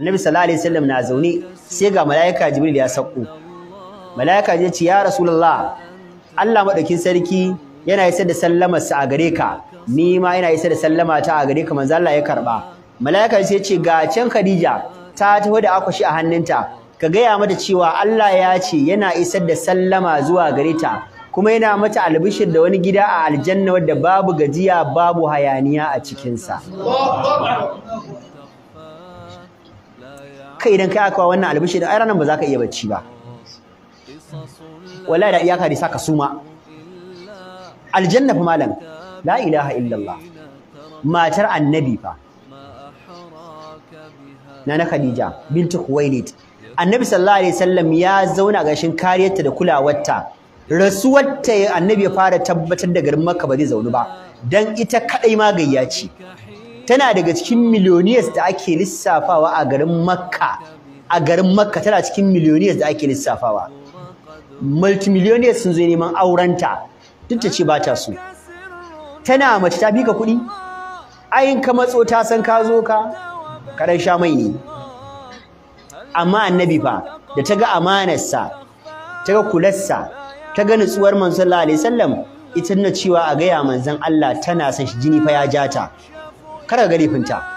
annabi sallallahu alaihi wasallam na zaune sai ga malaika jibril ya sauko malaika ya ce ya rasulullah Allah madaukin sarki yana isar da sallamar sa a gare ka ni ma ina isar da sallama ta a gare ka manzo Allah ya karba malaika sai ce ga can Khadija ta taho da akwashi a hannunta ka gaya mata cewa Allah ya ce yana isar da sallama zuwa gare ta kuma yana mata albishir da wani gida a aljanna wadda babu gajiya babu hayaniya a cikinsa. kai idan kai aka wannan albishi da ai ba za ka iya bacci ba wallahi da iyaka da saka suma aljanna malam la ilaha illallah matar annabi fa nana khadija bint khuwailid annabi sallallahu alaihi wasallam ya zauna gashin kariyarta da kulawarta rasuwarta annabi ya fara tabbatar da garin makka ba zai zaunu ba dan ita kadai ma gayya ce tana daga cikin miliyoniyas da ake lissafawa a garin Makka a garin Makka tana cikin miliyoniyas da ake lissafawa multimillionaires sun zo neman aurenta duk ta ce ba ta so tana mace ta bika kuɗi ayin ka matso ta san ka zo ka karan sha mai ne amma annabi fa da ta ga amanarsa ta ga kulassa ta ga nutsuwar manzon Allah alaihi sallam, ita na cewa a gaya manzon Allah tana son shi jini fa ya jata kada ga laifinta